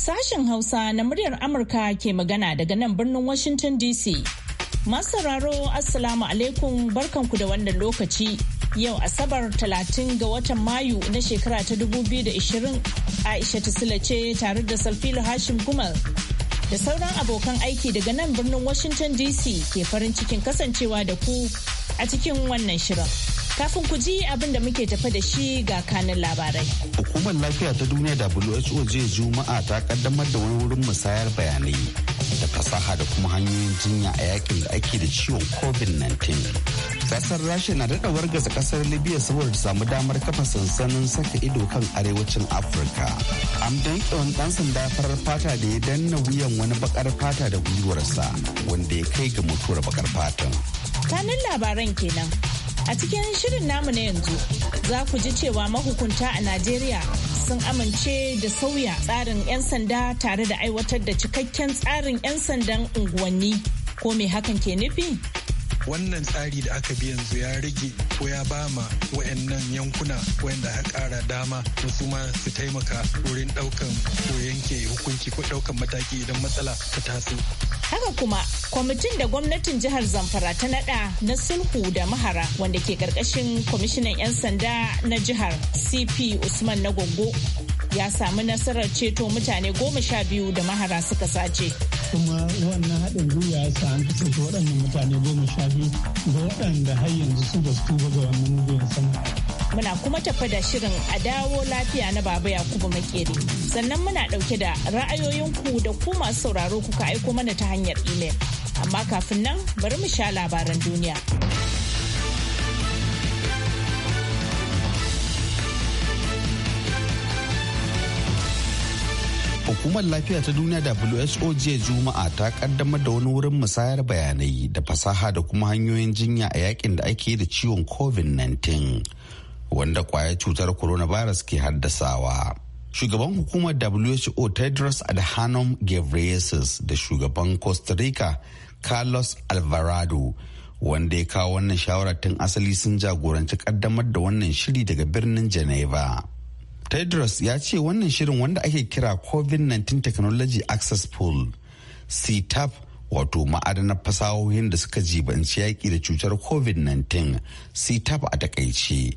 Sashen Hausa na muryar Amurka ke magana daga nan birnin Washington DC. Masararo Assalamu alaikum barkanku da wannan lokaci. Yau Asabar 30 ga watan Mayu na shekara ta 2020 Aisha Tisila ce tare da Salfilu Hashim Gumal. Da sauran abokan aiki daga nan birnin Washington DC ke farin cikin kasancewa da ku a cikin wannan shirin. Kafin ku ji abin da muke tafa da shi ga kanin labarai. Hukumar lafiya ta duniya da WHO jiya Juma'a ta kaddamar da wani wurin musayar bayanai da fasaha da kuma hanyoyin jinya a yakin da ake da ciwon COVID-19. Kasar Rasha na daɗa wargaza ƙasar Libya saboda samu damar kafa sansanin saka ido kan arewacin Afirka. An danƙe wani ɗan sanda farar fata da ya danna wuyan wani bakar fata da gwiwarsa wanda ya kai ga mutuwar bakar fatan. Kanin labaran kenan. A cikin shirin namu na yanzu za ku ji cewa mahukunta a Najeriya sun amince da sauya tsarin 'yan sanda tare da aiwatar da cikakken tsarin 'yan sandan unguwanni ko me hakan ke nufi? wannan tsari da aka bi yanzu ya rage ko ya bama wayannan yankuna wayanda ya kara dama su ma su taimaka wurin daukan ko yanke hukunci ko daukan mataki idan matsala ta taso Haka kuma kwamitin da gwamnatin jihar Zamfara ta nada na sulhu da mahara wanda ke karkashin kwamishinan 'yan sanda na jihar CP Usman na goggo. ya samu nasarar ceto mutane goma sha biyu da mahara suka sace. kuma wannan haɗin gwiwa ya sa an da waɗannan mutane goma sha biyu ga waɗanda har yanzu su ba su tuba ga wannan mugun sama. Muna kuma tafi da shirin a dawo lafiya na Baba Yakubu Makeri. Sannan muna ɗauke da ra'ayoyinku da ku masu sauraro kuka aiko mana ta hanyar imel. Amma kafin nan bari mu sha labaran duniya. Hukumar lafiya ta duniya WHO jiya Juma'a ta kaddamar da wani wurin musayar bayanai da fasaha da kuma hanyoyin jinya a yakin da ake da ciwon COVID-19 wanda kwayar cutar coronavirus ke haddasawa. Shugaban hukumar WHO Tedros Adhanom Ghebreyesus da shugaban Costa Rica Carlos Alvarado wanda ya kawo wannan shawarar tun asali sun jagoranci kaddamar da wannan shiri daga birnin Geneva. tedros ya ce wannan shirin wanda ake kira covid-19 technology access pool ctap wato ma'adanar fasahohin da suka jibanci yaƙi da cutar covid-19 ctap a takaice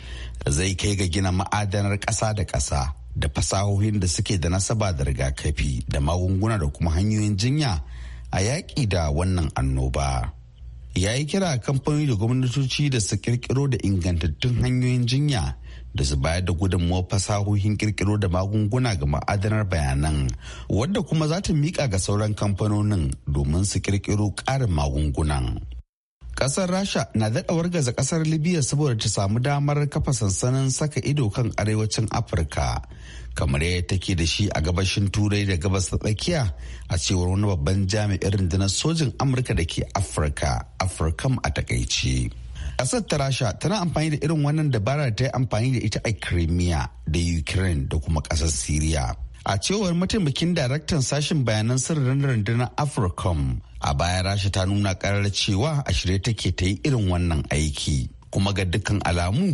zai kai ga gina ma'adanar ƙasa da ƙasa da fasahohin da suke da nasaba da rigakafi da magunguna da kuma hanyoyin jinya a yaƙi da wannan annoba. ya yi kira kamfanoni da gwamnatoci da su kirkiro da ingantattun hanyoyin jinya da su bayar da gudunmawar fasahohin kirkiro da magunguna ga ma'adanar bayanan wadda kuma za ta miƙa ga sauran kamfanonin domin su kirkiro ƙarin magungunan. Ƙasar Rasha na daɗawar wargaza ƙasar Libya saboda ta samu damar kafa sansanin saka ido kan arewacin Afirka kamar yadda take da shi a gabashin Turai da gabas ta tsakiya a cewar wani babban jami'in rundunar sojin Amurka da ke Afirka, Afirkam a takaici. Kasar ta Rasha tana amfani da irin wannan dabara ta yi amfani da ita a Crimea da Ukraine da kuma kasar Syria. A cewar mataimakin daraktan sashen bayanan sirrin rundunar Africom, a baya Rasha ta nuna karar cewa a shirye take ta yi irin wannan aiki, kuma ga dukkan alamu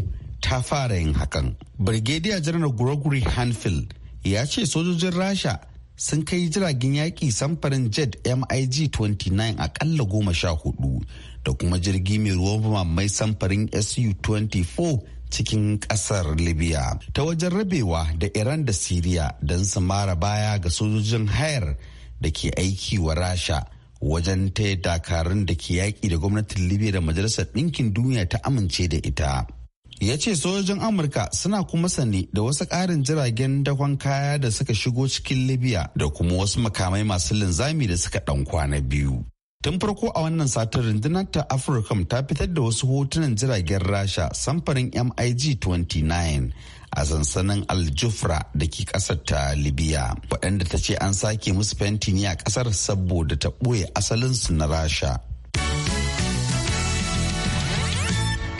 ta fara yin hakan. Birgediya Janar Gregory Hanfield ya ce sojojin Rasha sun kai jiragen yaƙi samfarin jet mig 29 akalla goma sha hudu da kuma jirgi mai ruwan mai samfarin su 24 cikin ƙasar libya ta wajen rabewa da iran da siriya don su mara baya ga sojojin hayar da ke aiki wa rasha wajen taya dakarun da ke yaƙi da gwamnatin libya da majalisar ɗinkin duniya ta amince da ita ya ce sojojin amurka suna kuma sani da wasu ƙarin jiragen dakon kaya da suka shigo cikin libya da kuma wasu makamai masu linzami da suka ɗan kwana biyu tun farko a wannan satin rundunar ta africom ta fitar da wasu hotunan jiragen rasha samfarin mig 29 a sansanin aljufra da ke ƙasar ta libya waɗanda ta ce an sake musu fenti ne a ƙasar saboda ta ɓoye asalinsu na rasha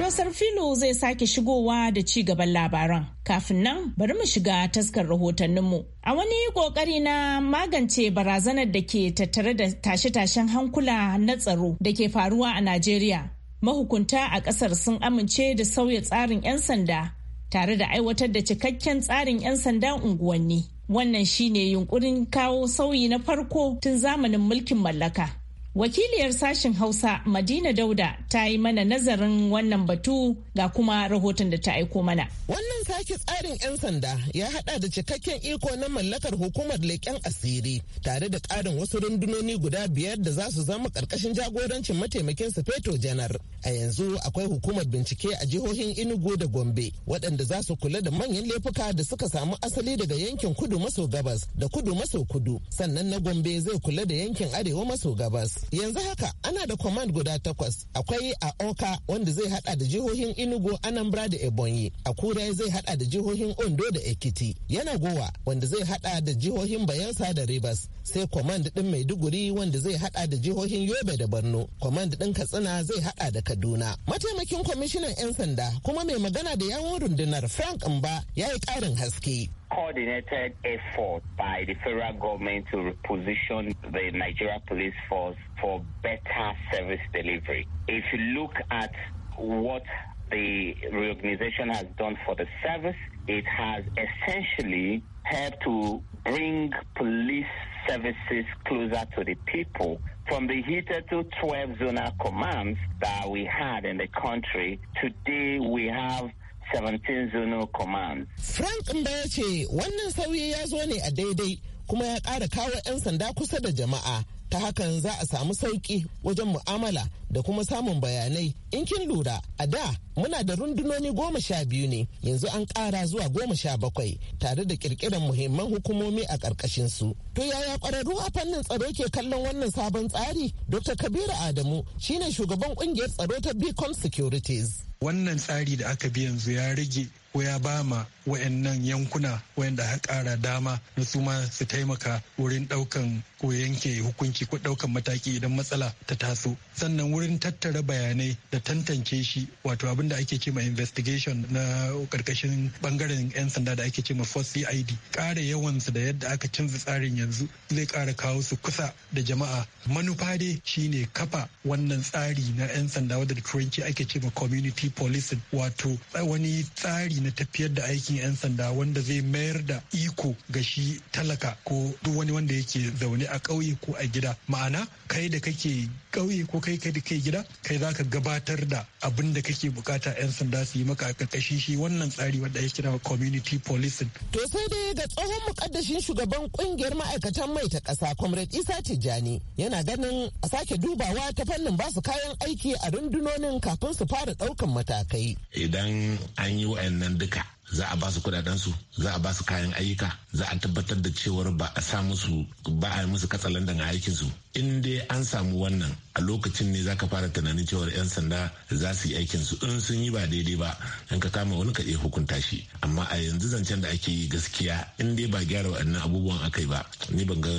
Kasar Filo zai sake shigowa da ci gaban labaran. Kafin nan bari mu shiga taskar rahotanninmu. A wani ƙoƙari na magance barazanar da ke tattare da tashe-tashen hankula na tsaro da ke faruwa a Najeriya. Mahukunta a ƙasar sun amince da sauya tsarin 'yan sanda tare da aiwatar da cikakken tsarin 'yan sandan unguwanni. Wannan shine yunkurin kawo sauyi na farko tun zamanin mulkin mallaka. Wakiliyar sashen Hausa Madina Dauda ta yi mana nazarin wannan batu ga kuma rahoton da ta aiko mana. Wannan sake tsarin 'yan sanda ya hada da cikakken iko na mallakar hukumar leƙen asiri tare da ƙarin wasu rundunoni guda biyar da za su zama ƙarƙashin jagorancin mataimakin su feto janar. A yanzu akwai hukumar bincike a jihohin inugu da Gombe waɗanda za su kula da manyan laifuka da suka samu asali daga yankin kudu maso gabas da kudu maso kudu sannan na Gombe zai kula da yankin arewa maso gabas. Yanzu haka ana da command guda takwas. Akwai a Oka wanda zai hada da jihohin inugu Anambra da Ebonyi. A Kura zai hada da jihohin Ondo da Ekiti. Yana Gowa wanda zai hada da jihohin Bayelsa da Rivers. Sai command din Maiduguri wanda zai hada da jihohin Yobe da Borno. Command din Katsina zai hada da Kaduna. Mataimakin kwamishinan 'yan sanda kuma mai magana da yawon rundunar Frank Mba ya yi ƙarin haske. coordinated effort by the federal government to reposition the Nigeria police force for better service delivery. If you look at what the reorganization has done for the service, it has essentially helped to bring police services closer to the people from the hitherto 12 zonal commands that we had in the country, today we have 17 Zone Command. Frank Mba ya ce wannan sauyi ya zo ne a daidai kuma ya ƙara kawo 'yan sanda kusa da jama'a ta hakan za a samu sauƙi wajen mu'amala da kuma samun bayanai in kin lura a da muna da rundunoni goma sha biyu ne yanzu an ƙara zuwa goma sha bakwai tare da ƙirƙirar muhimman hukumomi a ƙarƙashin su to yaya ƙwararru a fannin tsaro ke kallon wannan sabon tsari dr kabiru adamu shine shugaban ƙungiyar tsaro ta bcom securities wannan tsari da aka bi yanzu ya rage ko ya ba ma wayannan yankuna wayanda ha kara dama na su ma su taimaka wurin daukan ko yanke hukunci ko daukan mataki idan matsala ta taso sannan wurin tattara bayanai da tantance shi wato abin da ake ce investigation na karkashin bangaren yan sanda da ake ce ma force cid kara su da yadda aka canza tsarin yanzu zai kara kawo su kusa da jama'a manufa dai shine kafa wannan tsari na yan sanda wadda da turanci ake ce ma community policing wato wani tsari na tafiyar da aikin 'yan sanda wanda zai mayar da iko ga shi talaka ko duk wani wanda yake zaune a ƙauye ko a gida ma'ana kai da kake ƙauye ko kai kai da kai gida kai za ka gabatar da abin da kake bukata 'yan sanda su yi maka a ƙarƙashin shi wannan tsari wanda ya kira community policing. To sai dai ga tsohon mukaddashin shugaban ƙungiyar ma'aikatan mai ta ƙasa Comrade Isa Tijjani yana ganin a sake dubawa ta fannin ba su kayan aiki a rundunonin kafin su fara ɗaukan matakai. Idan an yi wa'annan duka za a ba su kudadensu za a ba su kayan ayyuka za a tabbatar da cewar ba a sa musu ba a musu katsalandan aikin su in dai an samu wannan a lokacin ne zaka fara tunanin cewar 'yan sanda za su yi aikin su in sun yi ba daidai ba in ka kama wani ka iya hukunta shi amma a yanzu zancen da ake yi gaskiya in dai ba gyara waɗannan abubuwan akai ba ni ban ga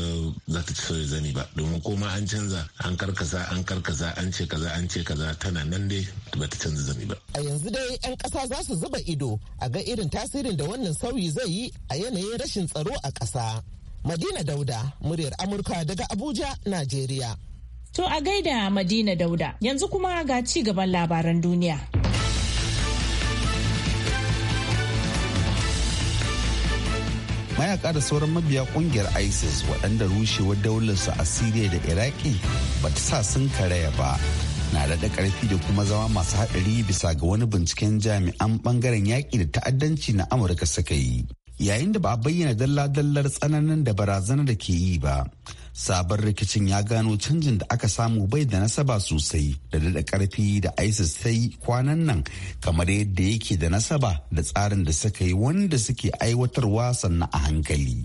za ta ci sauya zani ba domin ko ma an canza an karkasa an karkasa an ce kaza an ce kaza tana nan dai ba ta canza zani ba a yanzu dai 'yan kasa za su zuba ido a ga irin irin tasirin da wannan sauyi zai yi a yanayin rashin tsaro a ƙasa. Madina Dauda, muryar Amurka daga Abuja, Najeriya. To a gaida Madina Dauda, yanzu kuma ga ci gaban labaran duniya. Mayaka da sauran mabiya kungiyar ISIS waɗanda rushewar daularsu a Siriya da Iraki ba ta sa sun karaya ba. na daɗa karfi da kuma zama masu haɗari bisa ga wani binciken jami'an ɓangaren yaƙi da ta'addanci na amurka suka yi yayin da ba a bayyana dalla-dallar tsananin da barazanar da ke yi ba sabon rikicin ya gano canjin da aka samu bai da nasaba sosai da daɗa ƙarfi da isis ta yi kwanan nan kamar yadda yake da nasaba da tsarin da suka yi wanda suke aiwatarwa sannan a hankali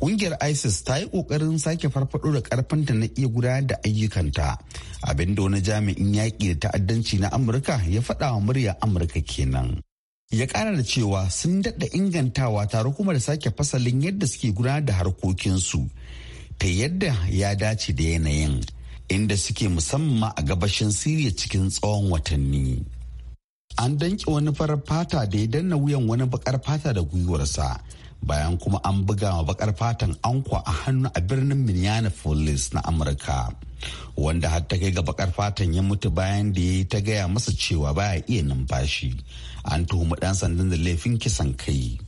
Ƙungiyar ISIS ta yi ƙoƙarin sake farfaɗo da ƙarfinta na iya gudanar da ayyukanta. Abin da wani jami'in yaƙi da ta'addanci na Amurka ya faɗa wa murya Amurka kenan. Ya ƙara da cewa sun daɗa ingantawa tare kuma da sake fasalin yadda suke gudanar da harkokinsu ta yadda ya dace da yanayin inda suke musamman a gabashin Siriya cikin tsawon watanni. An danƙe wani farar fata da ya danna wuyan wani baƙar fata da gwiwarsa. bayan kuma an buga ma bakar fatan ankwa a hannu a birnin minneapolis na amurka wanda har ta kai ga bakar fatan ya mutu bayan da ya yi ta gaya masa cewa baya iya numfashi an tuhumi ɗan sandan da laifin kisan kai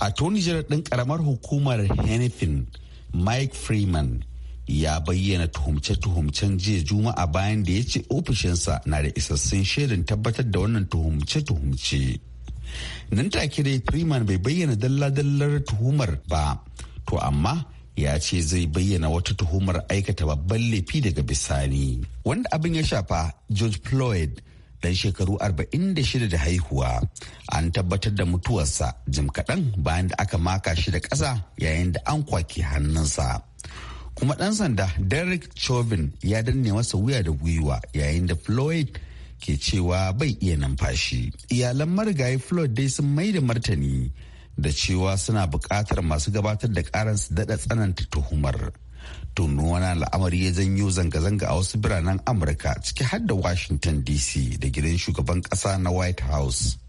a tuni ɗin karamar hukumar hennepin mike freeman ya bayyana tuhumce-tuhumcen jiya juma'a bayan da ya ce ofishinsa na da isassun shaidan tabbatar da wannan tuhumce-tuhumce. nan take dai freeman bai bayyana dalla-dallar tuhumar ba to amma ya ce zai bayyana wata tuhumar aikata babban laifi daga bisani wanda abin ya shafa george floyd dan shekaru 46 da haihuwa an tabbatar da mutuwarsa jim kaɗan bayan da aka maka shi da ƙasa yayin da an kwaki hannunsa kuma ɗan sanda derek chauvin ya danne masa wuya da gwiwa yayin da floyd ke cewa bai iya numfashi iyalan marigayi floyd dai sun mai da martani da cewa suna buƙatar masu gabatar da ƙaran su daɗa tsananta tuhumar tunu wani al'amari ya janyo zanga-zanga a wasu biranen amurka ciki har da washington dc da gidan shugaban ƙasa na white house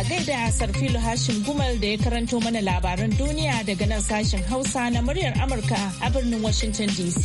a gaida Sarfilu hashin Gumal da ya karanto mana labaran duniya daga nan sashen Hausa na muryar Amurka a birnin Washington DC.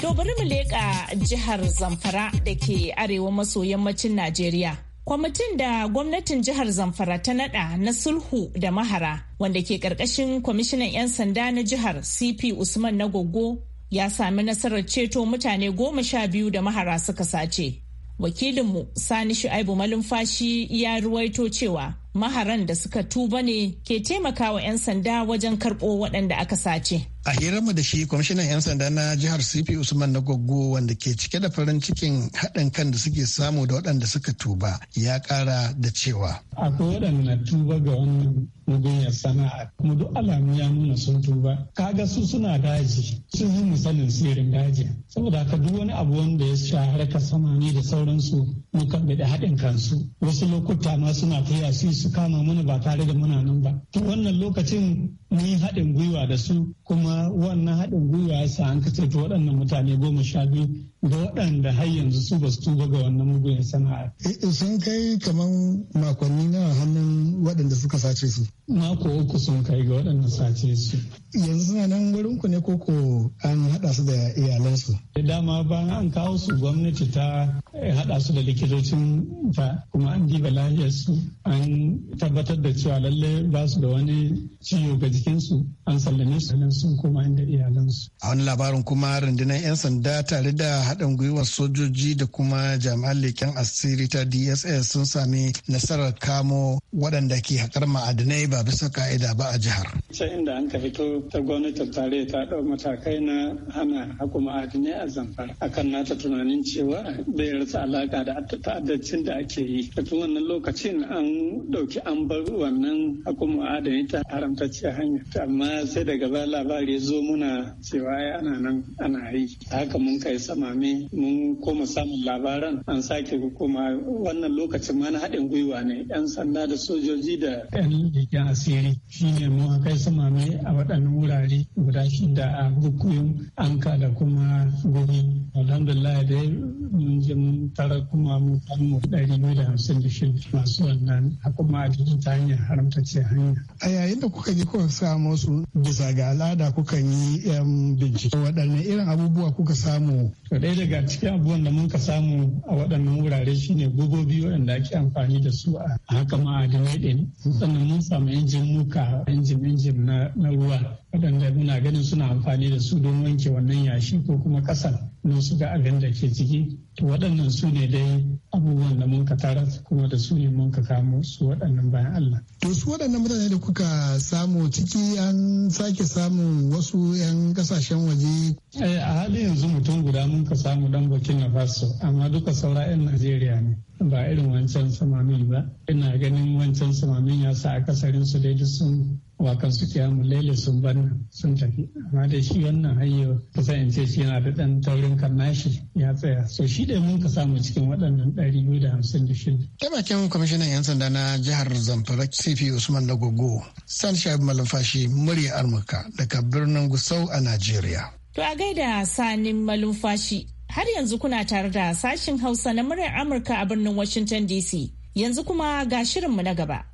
To bari mu leƙa jihar Zamfara da ke arewa maso yammacin Najeriya. Kwamitin da gwamnatin jihar Zamfara ta nada na sulhu da mahara wanda ke ƙarƙashin kwamishinan 'yan sanda na jihar CP Usman Nagogo ya sami nasarar ceto mutane goma sha biyu da mahara suka sace wakilinmu sani shu'aibu malumfashi ya ruwaito cewa maharan da suka tuba ne ke taimakawa 'yan sanda wajen karɓo waɗanda aka sace. a hirarmu da shi kwamishinan 'yan sanda na jihar cp usman na goggo wanda ke cike da farin cikin haɗin kan da suke samu da waɗanda suka tuba ya kara da cewa akwai waɗanda tuba ga wannan ya sana'a kuma duk alamu ya nuna sun tuba kaga su suna daji sun yi misalin sirrin daji saboda haka duk wani abu wanda ya shahara ka sama ne da sauransu mukan da haɗin kansu wasu lokuta ma suna fiya su su kama mana ba tare da muna nan ba wannan lokacin mun haɗin gwiwa da su kuma wannan haɗin gwiwa ya sa an ta waɗannan mutane goma sha biyu da waɗanda har yanzu su ba su tuba ga wannan mugun sana'a. Eh, sun kai kamar makonni nawa hannun waɗanda suka sace su? Mako uku sun kai ga waɗanda sace su. Yanzu suna nan wurin ku ne koko an haɗa su da iyalansu? Da dama bayan an kawo su gwamnati ta haɗa su da likitocin ta kuma an diba lafiyar su an tabbatar da cewa lallai ba su da wani ciwo gaji cikinsu an sallame su sun koma inda iyalansu. A wani labarin kuma rundunar 'yan sanda tare da haɗin gwiwar sojoji da kuma jami'an leken asiri ta DSS sun sami nasarar kamo waɗanda ke haƙar ma'adinai ba bisa ka'ida ba a jihar. Sai inda an ka fito ta gwamnatin tare ta ɗau matakai na hana haƙo ma'adinai a zamfara akan nata tunanin cewa bai rasa alaƙa da ta'addancin da ake yi. Da tun wannan lokacin an ɗauki an bar wannan haƙo ma'adinai ta haramtacciya hanya amma sai daga baya labari ya zo muna cewa ya ana nan ana yi haka mun kai samame mun koma samun labaran an sake koma wannan lokacin ma na haɗin gwiwa ne yan sanda da sojoji da yan leƙen asiri shine mun kai samame a waɗannan wurare guda shida a hukuyun anka da kuma gobe alhamdulillah dai mun je mun tara kuma mun samu ɗari biyu da hamsin da shida masu wannan kuma a ta hanyar haramta ce hanya a yayin da kuka je kuma sa su bisa ga al'ada kukan yi yan bincike waɗannan irin abubuwa kuka samu. To ɗaya daga cikin abubuwan da muka samu a waɗannan wurare shine gogobi waɗanda ake amfani da su a haka ma'adinai ɗin. Sannan mun samu injin muka injin injin na ruwa waɗanda muna ganin suna amfani da su don wanke wannan yashi ko kuma ƙasan don su ga abin da ke ciki. To waɗannan su ne dai abubuwan da mun ka tara kuma da su ne mun ka kamo su waɗannan bayan Allah. To su waɗannan mutane da kuka samu ciki an sake samun wasu 'yan kasashen waje. Eh, a halin yanzu mutum guda mun ka samu dan na Faso amma duka saura 'yan Najeriya ne. Ba irin wancan samamin ba. Ina ganin wancan samamin ya sa akasarin su dai sun wakan su kiyamu laila sun ban sun tafi amma da shi wannan hanyar kusan in ce shi yana da dan taurin karnashi ya tsaya so shi da mun ka samu cikin waɗannan ɗari biyu da hamsin da shida. taimakin kwamishinan yan sanda na jihar zamfara cp usman nagogo san shaib malumfashi murya amurka daga birnin gusau a najeriya. to a gaida sanin malumfashi har yanzu kuna tare da sashin hausa na muryar amurka a birnin washington dc yanzu kuma ga shirinmu na gaba.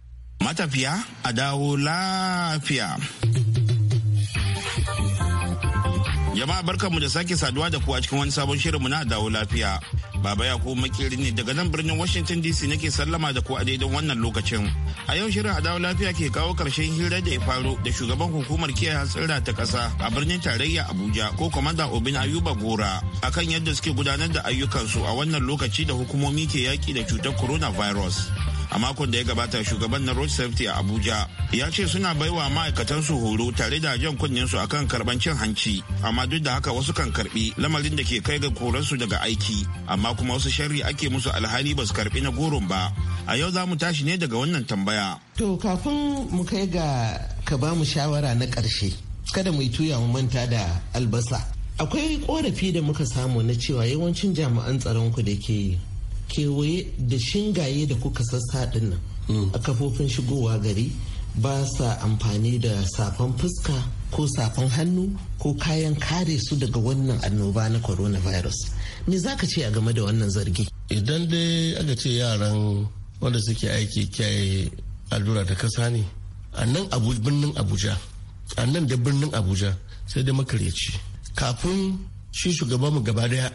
matafiya a dawo lafiya. Jama'a barkanmu da sake saduwa da kuwa cikin wani sabon shirinmu na dawo lafiya. Baba ya kuma makeri ne daga nan birnin Washington DC nake sallama da ku a daidan wannan lokacin. A yau shirin a dawo lafiya ke kawo karshen hira da ya faru da shugaban hukumar kiyaye hatsira ta kasa a birnin tarayya Abuja ko kwamanda Obin Ayuba Gora akan yadda suke gudanar da ayyukansu a wannan lokaci da hukumomi ke yaki da cutar coronavirus. a makon da ya gabata shugaban na road safety a abuja ya ce suna baiwa su horo tare da jan kunnen su akan karban cin hanci amma duk da haka wasu kan karbi lamarin da ke kai ga koransu daga aiki amma kuma wasu sharri ake musu alhali ba su karbi na goron ba a yau za mu tashi ne daga wannan tambaya to kafin mu kai ga ka ba mu shawara na karshe kada mu yi tuya mu manta da albasa akwai korafi da muka samu na cewa yawancin jami'an tsaron ku da ke kewaye da shingaye da kuka sassa din nan a kafofin shigowa gari ba sa amfani da safan fuska ko safan hannu ko kayan kare su daga wannan annoba na coronavirus me za ka ce a game da wannan zargi idan dai aka ce yaran wanda suke aiki kyaye allura da kasa ne a nan birnin abuja a nan da birnin abuja sai da makaryaci kafin shi shugaban mu gaba daya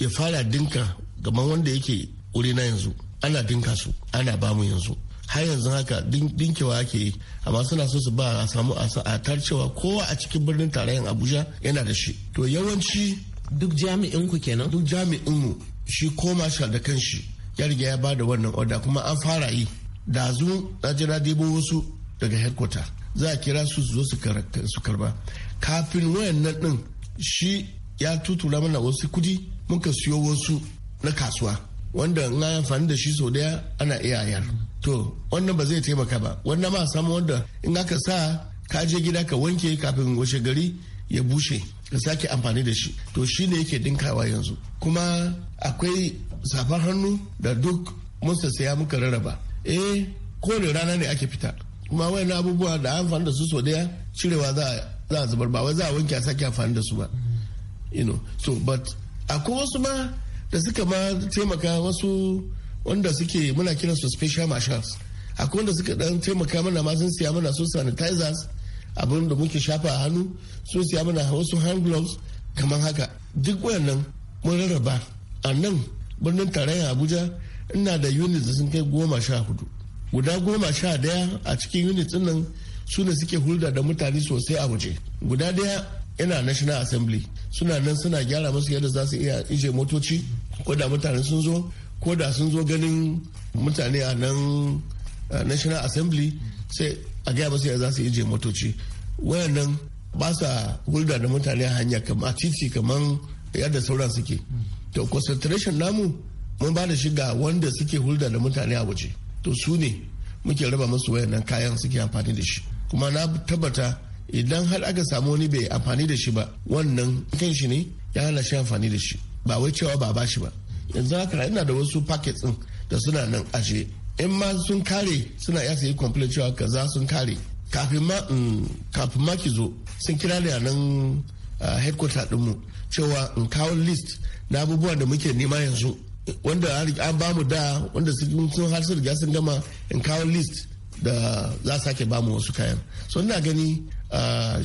ya fara dinka gaban wanda yake wuri na yanzu ana dinka su ana bamu yanzu har yanzu haka dinkewa ake yi amma suna so su ba a samu a cewa kowa a cikin birnin tarayyar abuja yana da shi to yawanci duk jami'in ku kenan duk jami'in mu shi ko marshal da kanshi ya riga ya bada wannan order kuma an fara yi da zu na jira debo wasu daga headquarter za a kira su su zo su karba kafin wayannan din shi ya tutura mana wasu kudi muka siyo wasu na kasuwa wanda in an amfani da shi sau daya ana iya yar to wannan ba zai taimaka ba wannan ma samu wanda in aka sa ka je gida ka wanke kafin washe gari ya bushe ka sake amfani da shi to shi ne yake dinkawa yanzu kuma akwai safar hannu da duk mun saya muka rarraba eh kowane rana ne ake fita kuma wayan abubuwa da amfani da su sau daya cirewa za a zubar ba wai za a wanke a sake amfani da su ba you know so but akwai wasu ma da suka ma taimaka wasu wanda suke muna su special marshals akwai wanda suka dan taimaka mana ma sun siya mana su sanitizers abin da muke shafa a hannu sun siya mana wasu hand gloves kamar haka duk wayannan mun rarraba a nan birnin tarayya abuja ina da unit da sun kai goma sha hudu guda goma sha daya a cikin unit nan su ne suke hulɗa da mutane sosai a waje guda daya ina national assembly suna nan suna gyara masu yadda za su iya ije motoci ko da mutane sun zo ko da sun zo ganin mutane a nan national assembly sai a gaya masu yadda za su ije motoci wayannan ba sa hulɗa da mutane a hanya kamar titi kamar yadda sauran suke to concentration namu mun ba da shi wanda suke hulda da mutane a waje to su ne muke raba masu wayannan kayan suke amfani da shi kuma na tabbata idan har aka samu wani bai amfani da shi ba wannan kan shi ne ya hana shi amfani da shi ba wai cewa ba ba shi ba yanzu haka ina da wasu packets din da suna nan ashe in ma sun kare suna iya sayi complete cewa kaza sun kare kafin ma mm, kafin ma ki zo sun kira da a nan headquarter din mu cewa in kawo list na abubuwan da muke nema yanzu wanda an bamu da wanda sun har sun riga sun gama in kawo list da za sake bamu wasu kayan so ina gani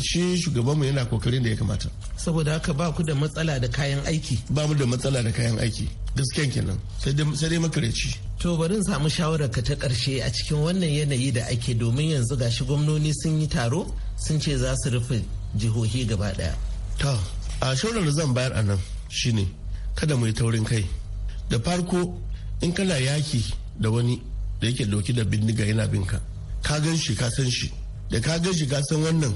shi shugabanmu yana kokarin da ya kamata saboda haka ba ku da matsala da kayan aiki ba mu da matsala da kayan aiki gaskiyan kenan sai dai makareci to bari in samu shawararka ta karshe a cikin wannan yanayi da ake domin yanzu gashi gwamnoni sun yi taro sun ce za su rufe jihohi gaba daya to a shawarar da zan bayar a nan shine kada mu yi taurin kai da farko in kana yaki da wani da yake doki da bindiga yana binka ka gan shi ka san shi da ka ga ka san wannan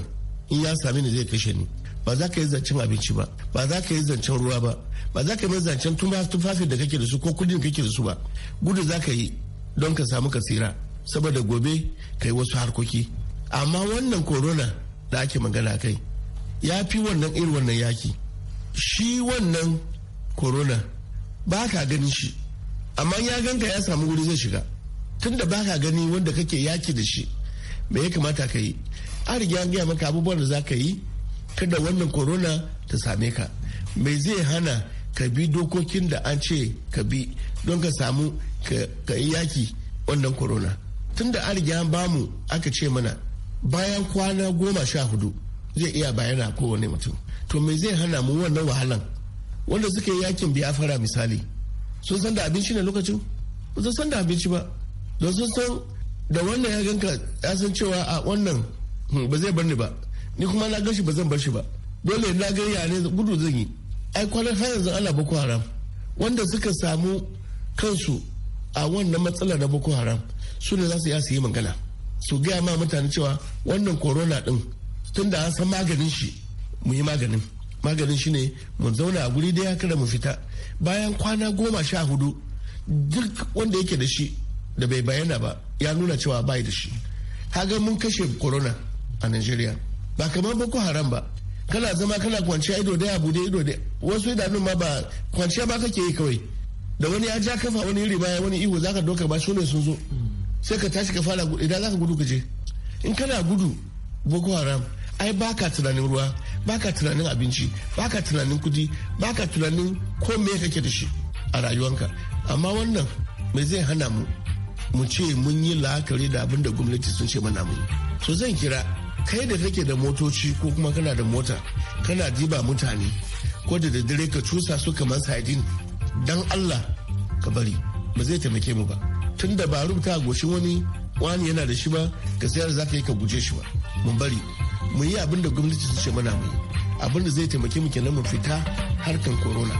in ya sami ni zai kashe ni ba za ka yi zancen abinci ba ba za ka yi zancen ruwa ba ba za ka yi zancen tufafi da kake da su ko kudin kake da su ba gudu za ka yi don ka samu kasira saboda gobe ka yi wasu harkoki amma wannan corona da ake magana kai ya fi wannan irin wannan yaki shi wannan corona ba ka ganin shi amma ya ganka ya samu wuri zai shiga tunda ba ka gani wanda kake yaki da shi me ya kamata ka yi an riga an gaya maka abubuwan da za ka yi kada wannan corona ta same ka me zai hana ka bi dokokin da an ce ka bi don ka samu ka yi yaki wannan corona tun da an riga an bamu aka ce mana bayan kwana goma sha hudu zai iya bayana kowane mutum to me zai hana mu wannan wahalan wanda suka yi yakin biafra misali sun san da abinci ne lokacin ba san da abinci ba don sun san da wannan ya ganka ya san cewa a wannan hmm, ba zai bar ni ba ni kuma na gashi ba zan bar shi ba dole na ga ya ne gudu zan yi ai kwanan har yanzu ana boko haram wanda suka samu kansu a wannan matsalar na boko haram su ne za su iya yi magana su gaya ma mutane cewa wannan corona din tun da an san maganin shi mu yi maganin maganin shi ne mu zauna a guri daya kada mu fita bayan kwana goma sha hudu duk wanda yake da shi da bai bayyana ba ya nuna cewa bai da shi haga mun kashe corona a nigeria ba kamar boko haram ba kana zama kana kwanciya ido da abu ido da wasu idanun ma ba kwanciya ba kake yi kawai da wani ya ja kafa wani iri baya wani ihu zaka doka ba ne sun zo sai ka tashi ka fara idan zaka gudu ka je in kana gudu boko haram ai baka tunanin ruwa baka tunanin abinci baka tunanin kudi baka tunanin ko me kake da shi a rayuwanka amma wannan me zai hana mu mu ce mun yi la'akari da abin da gwamnati sun ce mana mun so zan kira kai da kake da motoci ko kuma kana da mota kana diba mutane ko da daddare ka cusa su kamar sadin dan Allah ka bari ba zai taimake mu ba tun da ba rubuta goshin wani wani yana da shi ba ka sayar za ka yi ka guje shi ba mun bari mu yi abin da gwamnati sun ce mana mu yi abin da zai taimake mu kenan mu fita harkan corona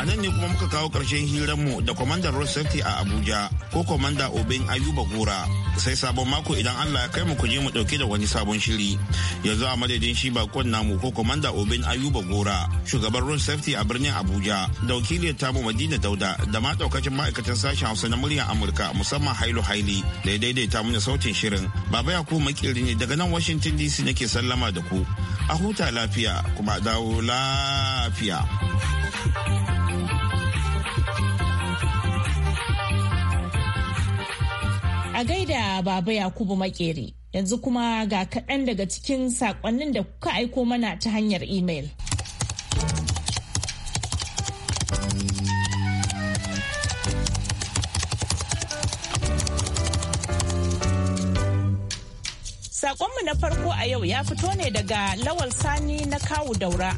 a nan ne kuma muka kawo ƙarshen hiranmu da kwamandan road safety a abuja ko kwamanda obin ayuba gora sai sabon mako idan allah ya kai mu kuje mu ɗauke da wani sabon shiri yanzu a madadin shi bakon namu ko kwamanda obin ayuba gora shugaban road safety a birnin abuja da wakilin tamu madina dauda da ma ɗaukacin ma'aikatan sashen hausa na muryar amurka musamman hailu haili da ya daidaita mana sautin shirin baba ya kuma makiri ne daga nan washington dc nake sallama da ku a huta lafiya kuma dawo lafiya. A gaida Baba Yakubu makere Yanzu kuma ga kaɗan daga cikin saƙonnin da kuka aiko mana ta hanyar email Sakonmu na farko a yau ya fito ne daga Lawal Sani na kawu daura.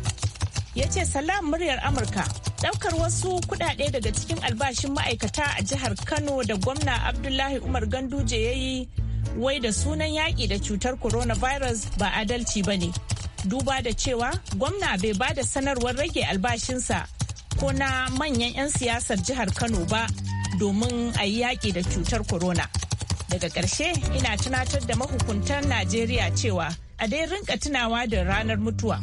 Ya ce salam muryar Amurka. daukar wasu kudade daga cikin albashin ma'aikata a jihar kano da gwamna abdullahi umar ganduje ya yi wai da sunan yaƙi da cutar coronavirus ba adalci ba ne duba da cewa gwamna bai ba da sanarwar rage albashinsa ko na manyan 'yan siyasar jihar kano ba domin a yi yaƙi da cutar corona daga ƙarshe ina tunatar da mahukuntan najeriya cewa a dai rinka tunawa da ranar mutuwa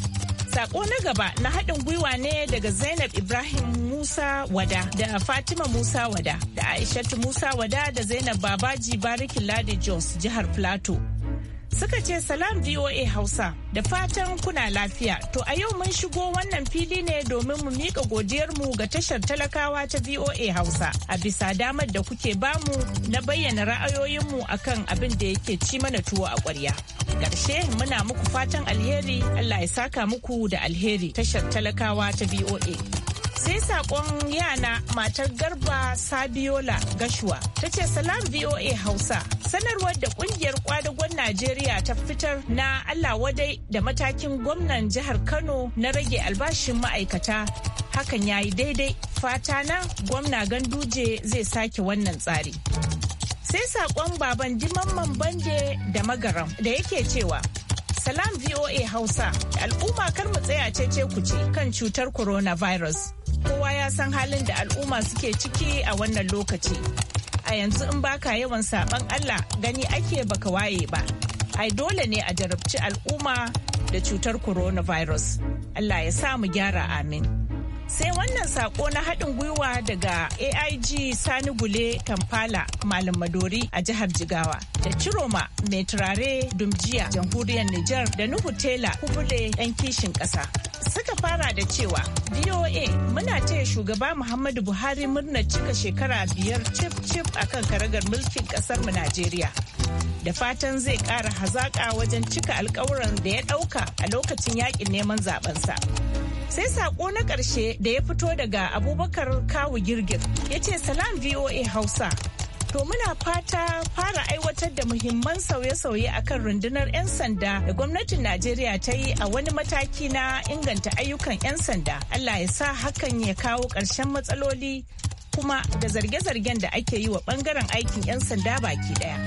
Sako na gaba na haɗin gwiwa ne daga Zainab Ibrahim Musa Wada da Fatima Musa Wada da Aishatu Musa Wada da Zainab Babaji Barikin Ladi Jos jihar Plateau. suka ce salam VOA Hausa da fatan kuna lafiya. To a yau mun shigo wannan fili ne domin mu miƙa mu ga tashar talakawa ta VOA Hausa a bisa damar da kuke bamu na bayyana ra'ayoyin mu akan abin da yake ci mana tuwo a ƙwarya. Ƙarshe muna muku fatan alheri Allah ya saka muku da alheri tashar talakawa ta VOA. sai sakon yana matar garba sabiola Gashua ta ce salam voa hausa sanarwar da kungiyar kwadagon najeriya ta fitar na allah wadai da matakin gwamnan jihar kano na rage albashin ma'aikata hakan ya yi daidai fata na gwamna ganduje zai sake wannan tsari sai sakon baban dimamman bande da magaram da yake cewa Salam VOA Hausa, al'umma kar mu tsaya ce-ce ku kuce kan cutar coronavirus. kowa ya san halin da al'umma suke ciki a wannan lokaci a yanzu in baka yawan saban allah gani ake baka waye ba ai dole ne a jarabci al'umma da cutar coronavirus allah ya sa mu gyara amin sai wannan saƙo na haɗin gwiwa daga aig sani gule kampala malam madori a jihar jigawa da ciroma mai turare dumjiya jamhuriyar niger da nuhu tela kubule yan kishin ƙasa suka fara da cewa VOA muna taya shugaba Muhammadu Buhari murnar cika shekara biyar cif cif kan karagar mulkin kasar mu Najeriya. Da fatan zai kara hazaƙa wajen cika alkawuran da ya ɗauka a lokacin yakin neman zabensa. Sai saƙo na ƙarshe da ya fito daga Abubakar Kawu Girgir ya ce Salam VOA Hausa To muna fata fara aiwatar da muhimman sauye-sauye a kan rundunar 'yan sanda da gwamnatin Najeriya ta yi a wani mataki na inganta ayyukan 'yan sanda. Allah ya sa hakan ya kawo ƙarshen matsaloli kuma da zarge-zargen da ake yi wa ɓangaren aikin 'yan sanda baki ɗaya.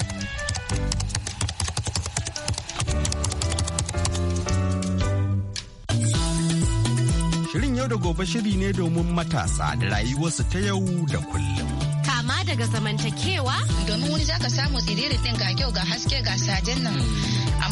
Shirin yau da gobe shiri ne domin matasa da rayuwarsu ta yau da kullum. amma daga zamantakewa domin wani zaka samu siriri ɗin ga kyau ga haske ga sajen nan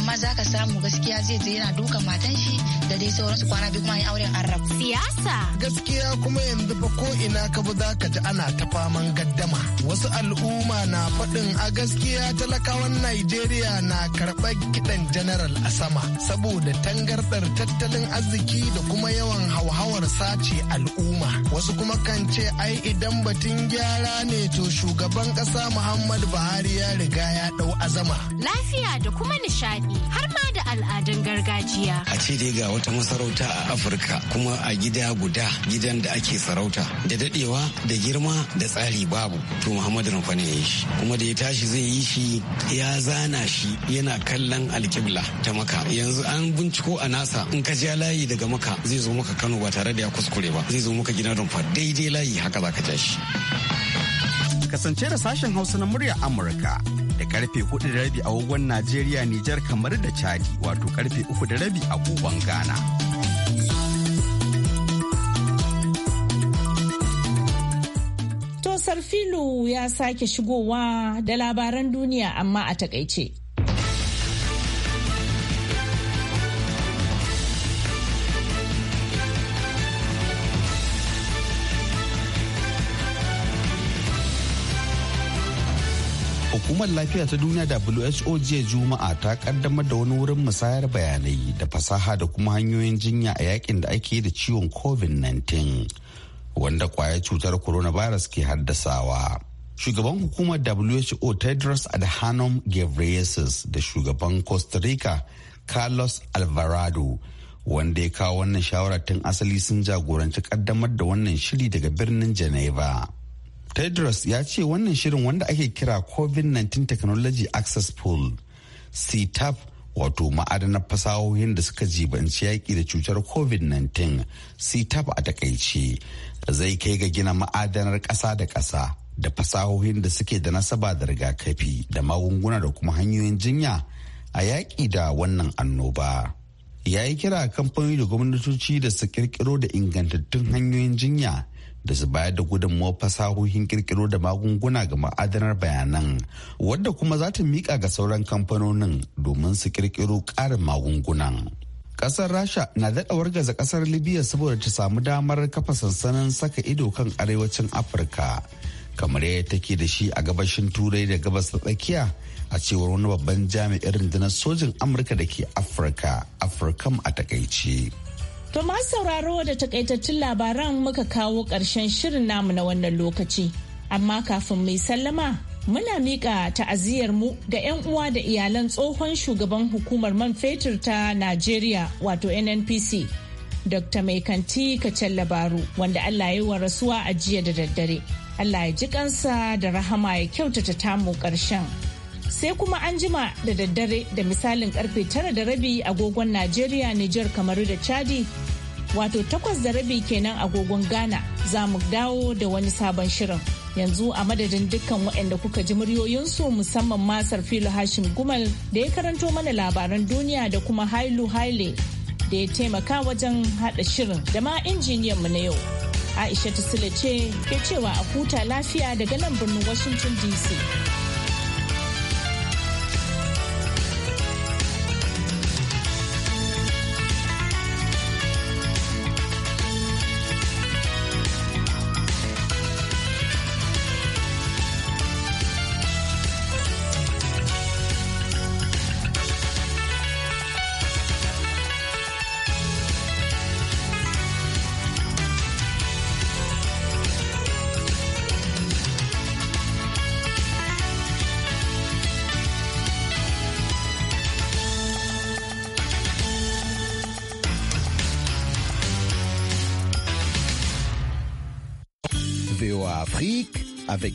amma za ka samu gaskiya zai je yana duka matan shi da dai sauransu kwana biyu kuma yin auren arab. Siyasa. Gaskiya kuma yanzu fa ko ina ka bi za ka ji ana ta faman gaddama. Wasu al'umma na faɗin a gaskiya talakawan Najeriya na karɓar kiɗan general a sama saboda tangardar tattalin arziki da kuma yawan hauhawar sace al'umma. Wasu kuma kan ce ai idan batun gyara ne to shugaban ƙasa Muhammadu Buhari ya riga ya ɗau azama. Lafiya da kuma nishadi. har ma da al'adun gargajiya. A ce dai ga wata masarauta a Afirka kuma a gida guda gidan da ake sarauta da dadewa da girma da tsari babu to Muhammadu Rumfa ne shi kuma da ya tashi zai yi shi ya zana shi yana kallon alkibla ta maka yanzu an binciko a nasa in ka ja layi daga maka zai zo maka Kano ba tare da ya kuskure ba zai zo maka gidan Rumfa daidai layi haka za ka shi. Kasance da sashen Hausa na murya Amurka da karfe 4 da rabi agogon Najeriya Nijar kamar da Chadi wato karfe 3 da rabi agogon Ghana. tosar Filo ya sake shigowa da labaran duniya amma a takaice. hukumar lafiya ta duniya who jiya juma'a ta kaddamar da wani wurin musayar bayanai da fasaha da kuma hanyoyin jinya a yakin da ake da ciwon covid-19 wanda kwaya cutar coronavirus ke haddasawa shugaban hukumar who tedros adhanom ghebreyesus da shugaban costa rica carlos alvarado wanda ya kawo wannan shawara tun asali sun jagoranci kaddamar da wannan shiri daga birnin geneva tedros ya ce wannan shirin wanda ake kira covid-19 technology access pool ctap wato ma'adanar fasahohin da suka jibanci yaƙi da cutar covid-19 ctap a takaice zai kai ga gina ma'adanar ƙasa da ƙasa da fasahohin da suke da nasaba da rigakafi da magunguna da kuma hanyoyin jinya a yaƙi da wannan annoba. ya yi kira kamfani da gwamnatoci da su kirkiro da ingantattun hanyoyin jinya da su bayar da gudunmawar fasahohin kirkiro da magunguna ga ma'adanar bayanan wadda kuma za ta miƙa ga sauran kamfanonin domin su kirkiro ƙarin magungunan. Ƙasar Rasha na daɗa gaza ƙasar Libya saboda ta samu damar kafa sansanin saka ido kan arewacin Afirka kamar yadda take da shi a gabashin Turai da gabas ta tsakiya a cewar wani babban jami'in rundunar sojin Amurka da ke Afirka, Afirkam a takaice. To masu sauraro da takaitattun labaran muka kawo ƙarshen shirin namu na wannan lokaci. Amma kafin mai sallama muna miƙa ta'aziyarmu mu ga 'yan uwa da iyalan tsohon shugaban hukumar man fetur ta Najeriya wato NNPC. Dr. Mai Kanti Kacen Labaru wanda Allah ya yi wa rasuwa a jiya da daddare. Allah ya ji kansa da rahama ya kyautata tamu ƙarshen. sai kuma an jima da daddare da misalin karfe tara da rabi agogon Najeriya, Nijar, Kamaru da Chadi. Wato takwas da rabi kenan agogon Ghana za mu dawo da wani sabon shirin. Yanzu a madadin dukkan waɗanda kuka ji muryoyinsu musamman masar filo Hashim gumal da ya karanto mana labaran duniya da kuma hailu haile da ya taimaka wajen haɗa shirin da ma injiniyan mu na yau. Aisha Sule ce ke cewa a huta lafiya daga nan birnin Washington DC. avec